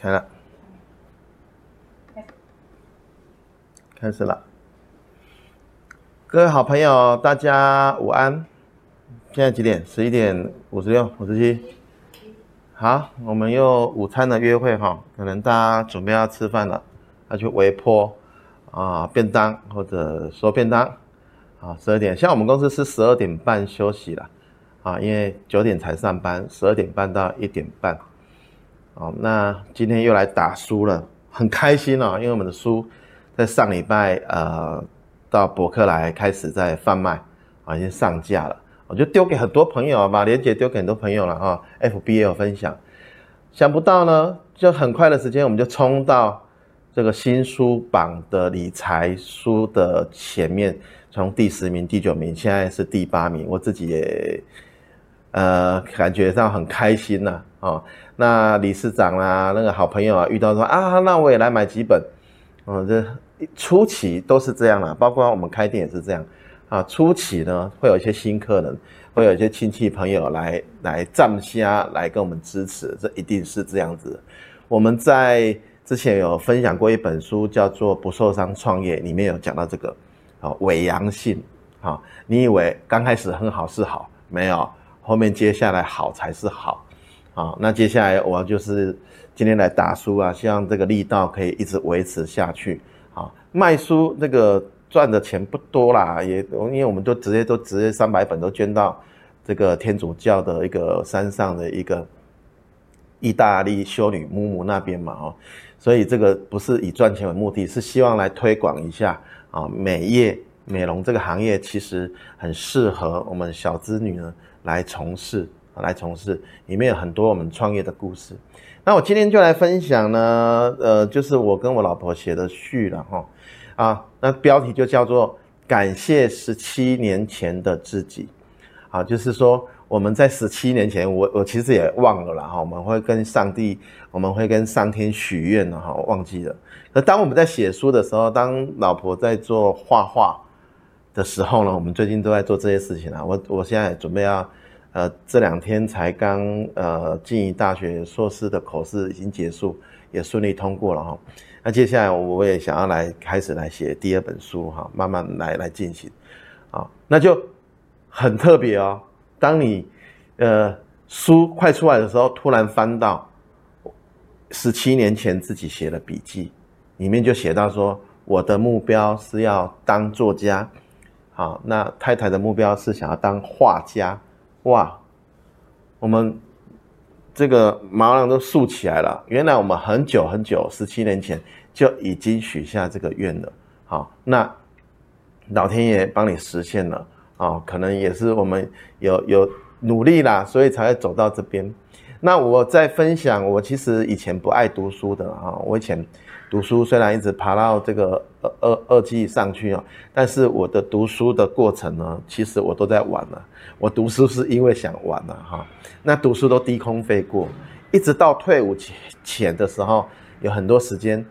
開了，開始了。各位好朋友，大家午安。現在幾點？十一點五十六、五十七。好，我們有午餐的約會哈，可能大家準備要吃飯了，要去微波啊便當或者說便當。好，十二點，像我們公司是十二點半休息了啊，因為九點才上班，十二點半到一點半。好、哦，那今天又來打書了，很開心哦。因為我們的書在上禮拜呃到博客來開始在販賣啊、哦，已經上架了，我就丟給很多朋友，把連結丟給很多朋友了啊。哦、FBL 分享，想不到呢，就很快的時間我們就衝到這個新書榜的理財書的前面，從第十名、第九名，現在是第八名。我自己也。呃，感覺到很開心吶、啊，啊、哦，那理事長啦、啊，那個好朋友啊，遇到說啊，那我也來買幾本，哦、嗯，這初期都是這樣啦、啊，包括我們開店也是這樣，啊，初期呢會有一些新客人，會有一些親戚朋友來來贊聲來跟我們支持，這一定是這樣子的。我們在之前有分享過一本書，叫做《不受傷創業》，裡面有講到這個，哦，偽陽性，哈、哦，你以為剛開始很好是好，沒有。後面接下來好才是好，啊，那接下來我就是今天來打書啊，希望這個力道可以一直維持下去，啊，賣書這個賺的錢不多啦，也因為我們都直接都直接三百本都捐到這個天主教的一個山上的一個意大利修女嬤嬤那邊嘛，哦，所以這個不是以賺錢為目的，是希望來推廣一下啊美業。美容這個行業其實很適合我們小資女呢來從事，來從事，裡面有很多我們創業的故事。那我今天就來分享呢，呃，就是我跟我老婆寫的序了哈、哦，啊，那標題就叫做《感謝十七年前的自己》。啊，就是說我們在十七年前，我我其實也忘了啦，哈、哦，我們會跟上帝，我們會跟上天許願了哈，哦、我忘記了。那當我們在寫書的時候，當老婆在做畫畫。的時候呢，我們最近都在做這些事情啊。我我現在也準備要，呃，這兩天才剛呃，進大學碩士的口試已經結束，也順利通過了哈、哦。那接下來我也想要來開始來寫第二本書哈、哦，慢慢來來進行，啊、哦，那就很特別哦。當你呃書快出來的時候，突然翻到十七年前自己寫的筆記，裡面就寫到說，我的目標是要當作家。好，那太太的目標是想要當畫家，哇，我們這個毛囊都豎起來了。原來我們很久很久，十七年前就已經許下這個願了。好，那老天爺幫你實現了啊，哦，可能也是我們有有努力啦，所以才會走到這邊。那我在分享，我其實以前不愛讀書的啊，我以前。讀書雖然一直爬到這個二二二級以上去哦，但是我的讀書的過程呢，其實我都在玩了。我讀書是因為想玩了哈。那讀書都低空飛過，一直到退伍前前的時候，有很多時間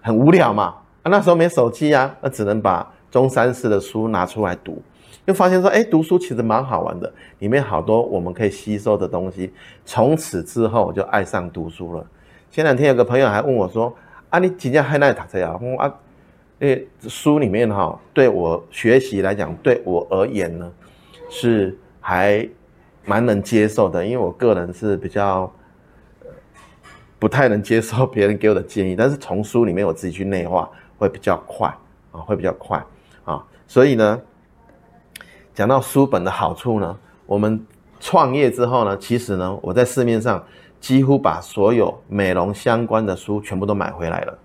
很無聊嘛。啊，那時候沒手機啊，那只能把中山室的書拿出來讀。又發現說，哎，讀書其實蠻好玩的，裡面好多我們可以吸收的東西。從此之後我就愛上讀書了。前兩天有個朋友還問我說。啊，你直接還難打出啊！啊，因為書裡面哈，對我學習來講，對我而言呢，是還蠻能接受的，因為我個人是比較不太能接受別人給我的建議，但是從書裡面我自己去內化會比較快啊，會比較快啊，所以呢，講到書本的好處呢，我們創業之後呢，其實呢，我在市面上。幾乎把所有美容相關的書全部都買回來了。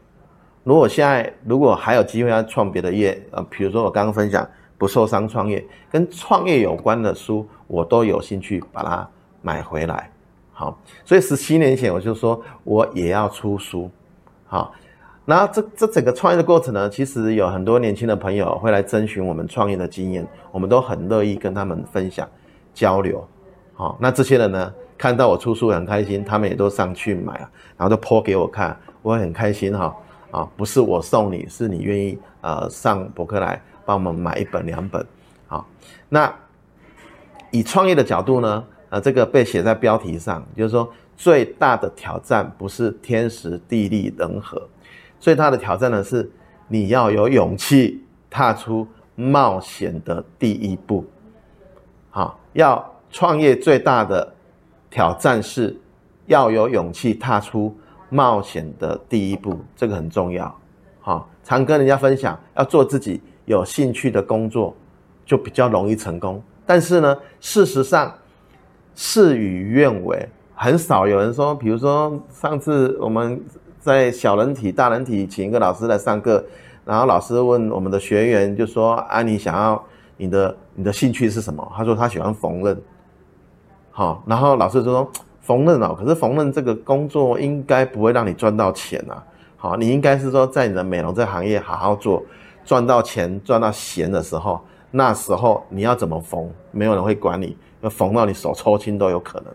如果現在如果還有機會要創別的業，呃，比如說我剛剛分享不受傷創業，跟創業有關的書我都有興趣把它買回來。好，所以十七年前我就說我也要出書。好，那這這整個創業的過程呢，其實有很多年輕的朋友會來徵詢我們創業的經驗，我們都很樂意跟他們分享交流。好，那這些人呢？看到我出書很開心，他們也都上去買，然後都 po 給我看，我很開心哈。啊、哦，不是我送你，是你願意呃上博客來幫我們買一本兩本，好、哦。那以創業的角度呢？啊、呃，這個被寫在標題上，就是說最大的挑戰不是天時地利人和，最大的挑戰呢是你要有勇氣踏出冒險的第一步。好、哦，要創業最大的。挑戰是要有勇氣踏出冒險的第一步，這個很重要。好、哦，常跟人家分享，要做自己有興趣的工作，就比較容易成功。但是呢，事實上事與願違，很少有人說。比如說，上次我們在小人體、大人體請一個老師來上課，然後老師問我們的學員，就說：“啊，你想要你的你的興趣是什麼？”他說他喜歡縫紉。好，然後老師就說，縫紉哦，可是縫紉這個工作應該不會讓你賺到錢吶、啊。好，你應該是說在你的美容這行業好好做，賺到錢賺到閒的時候，那時候你要怎麼縫？沒有人會管你，要縫到你手抽筋都有可能。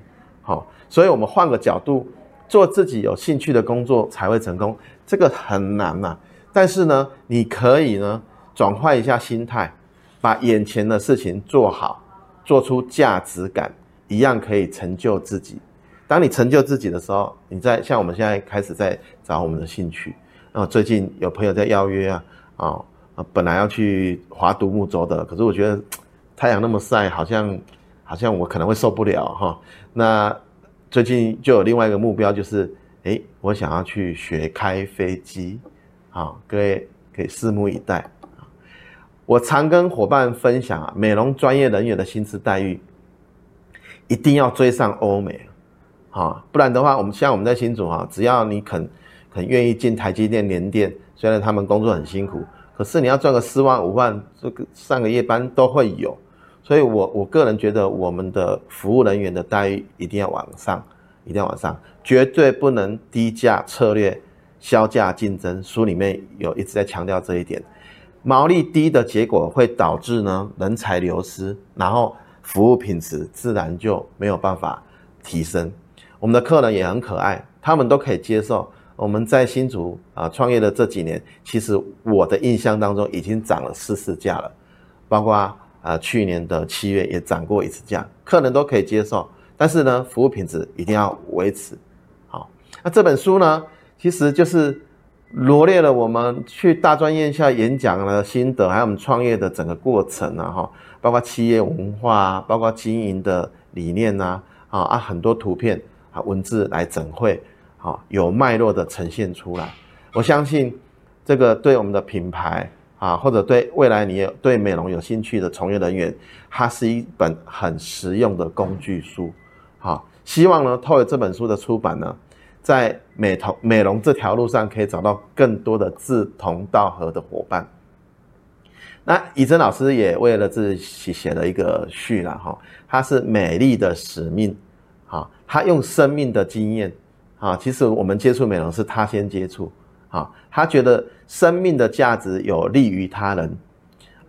好，所以我們換個角度，做自己有興趣的工作才會成功，這個很難啊。但是呢，你可以呢轉換一下心態，把眼前的事情做好，做出價值感。一樣可以成就自己。當你成就自己的時候，你在像我們現在開始在找我們的興趣。啊、哦，那最近有朋友在邀約啊，啊、哦，本來要去划獨木舟的，可是我覺得太陽那麼曬，好像好像我可能會受不了哈、哦。那最近就有另外一個目標，就是哎，我想要去學開飛機。好、哦，各位可以拭目以待。我常跟夥伴分享啊，美容專業人員的薪資待遇。一定要追上歐美哈，不然的話，我們像我們在新竹哈、啊，只要你肯肯願意進台積電聯電，雖然他們工作很辛苦，可是你要賺個四萬五萬，這個上個夜班都會有。所以我，我我個人覺得，我們的服務人員的待遇一定要往上，一定要往上，絕對不能低價策略、削價競爭。書裡面有一直在強調這一點。毛利低的結果會導致呢，人才流失，然後。服務品質自然就沒有辦法提升，我們的客人也很可愛，他們都可以接受。我們在新竹啊創業的這幾年，其實我的印象當中已經漲了四次價了，包括啊去年的七月也漲過一次價，客人都可以接受。但是呢，服務品質一定要維持好。那這本書呢，其實就是羅列了我們去大專院校演講的心得，還有我們創業的整個過程啊，哈。包括企業文化，包括經營的理念吶、啊，啊啊很多圖片啊文字來整繪，好、啊、有脈絡的呈現出來。我相信這個對我們的品牌啊，或者對未來你也對美容有興趣的從業人員，它是一本很實用的工具書。好、啊，希望呢，透過這本書的出版呢，在美瞳美容這條路上可以找到更多的志同道合的伙伴。那沂蓁老師也為了自己寫了一個序了，哈，他是美麗的使命，哈，他用生命的經驗，哈，其實我們接觸美容是他先接觸，哈，他覺得生命的價值有利於他人，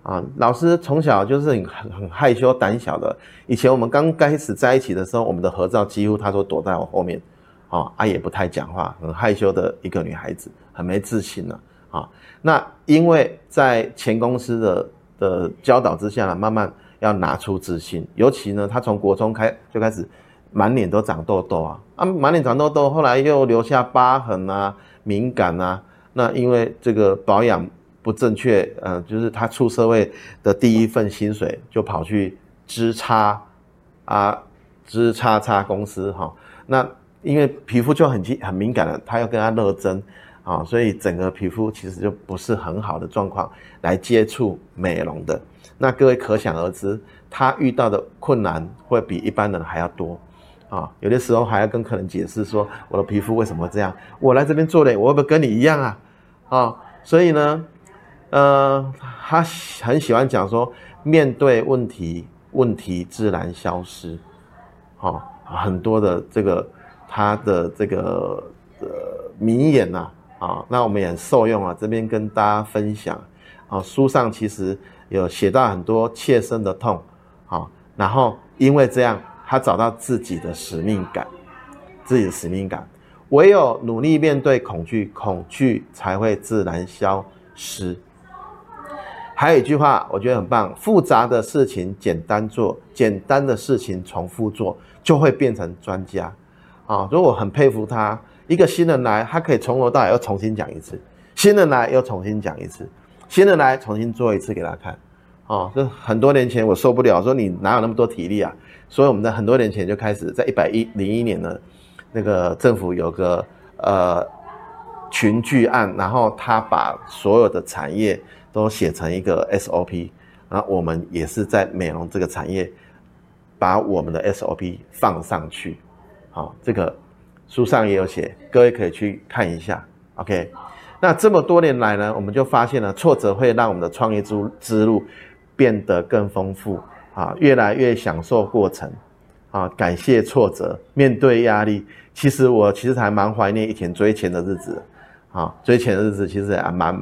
啊，老師從小就是很很害羞膽小的，以前我們剛開始在一起的時候，我們的合照幾乎她都躲在我後面，啊，啊也不太講話，很害羞的一個女孩子，很沒自信呢、啊。啊，那因為在前公司的的教導之下呢，慢慢要拿出自信。尤其呢，他從國中開就開始滿臉都長痘痘啊，啊，滿臉長痘痘，後來又留下疤痕啊，敏感啊。那因為這個保養不正確，嗯、呃，就是他出社會的第一份薪水就跑去支差啊，支叉叉公司哈、哦。那因為皮膚就很很敏感了，他要跟他熱蒸。啊、哦，所以整個皮膚其實就不是很好的狀況來接觸美容的。那各位可想而知，他遇到的困難會比一般人還要多。啊、哦，有的時候還要跟客人解釋說我的皮膚為什麼會這樣？我來這邊做臉，我會不會跟你一樣啊？啊、哦，所以呢，呃，他很喜歡講說，面對問題，問題自然消失。好、哦，很多的這個他的這個呃名言吶。啊、哦，那我們也受用啊。這邊跟大家分享，啊、哦，書上其實有寫到很多切身的痛，啊、哦，然後因為這樣，他找到自己的使命感，自己的使命感，唯有努力面對恐懼，恐懼才會自然消失。還有一句話，我覺得很棒：複雜的事情簡單做，簡單的事情重複做，就會變成專家。啊、哦，如果我很佩服他。一個新人來，他可以從頭到尾又重新講一次；新人來又重新講一次；新人來重新做一次給他看。哦，這很多年前我受不了，說你哪有那麼多體力啊？所以我們在很多年前就開始，在一百零一年呢。那個政府有個呃群聚案，然後他把所有的產業都寫成一個 SOP，然後我們也是在美容這個產業，把我們的 SOP 放上去，好、哦、這個。書上也有寫，各位可以去看一下。OK，那這麼多年來呢，我們就發現了挫折會讓我們的創業之之路變得更豐富啊，越來越享受過程啊，感謝挫折，面對壓力。其實我其實還蠻懷念以前追錢的日子啊，追錢的日子其實還蠻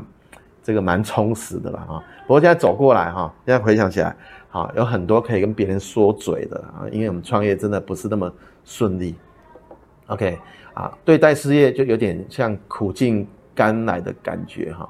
這個蠻充實的了啊。不過現在走過來哈，現在回想起來啊，有很多可以跟別人說嘴的啊，因為我們創業真的不是那麼順利。OK，啊，對待事業就有點像苦盡甘來的感覺哈，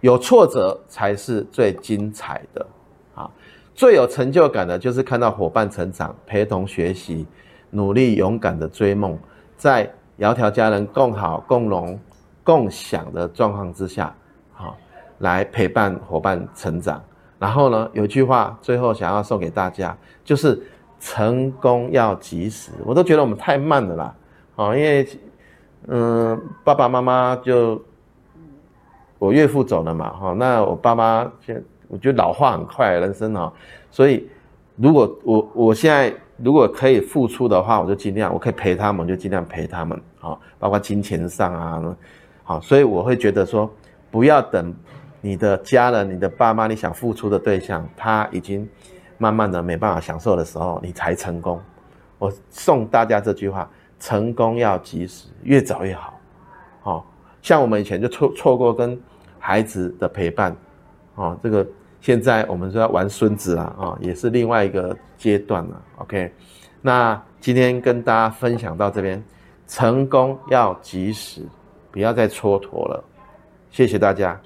有挫折才是最精彩的，啊，最有成就感的就是看到夥伴成長，陪同學習，努力勇敢的追夢，在窈窕佳人共好共榮共享的狀況之下，好、啊、來陪伴伙伴成長。然後呢，有句話最後想要送給大家，就是成功要及時，我都覺得我們太慢了啦。好，因為，嗯，爸爸媽媽就我岳父走了嘛，哈，那我爸媽現，我覺得老化很快，人生啊，所以如果我我現在如果可以付出的話，我就盡量，我可以陪他們，我就盡量陪他們，好，包括金錢上啊，好，所以我會覺得說，不要等你的家人、你的爸媽，你想付出的對象，他已經慢慢的沒辦法享受的時候，你才成功。我送大家這句話。成功要及時，越早越好。好、哦，像我們以前就錯錯過跟孩子的陪伴，啊、哦，這個現在我們說要玩孫子啦、啊，啊、哦，也是另外一個階段了、啊。OK，那今天跟大家分享到這邊，成功要及時，不要再蹉跎了。謝謝大家。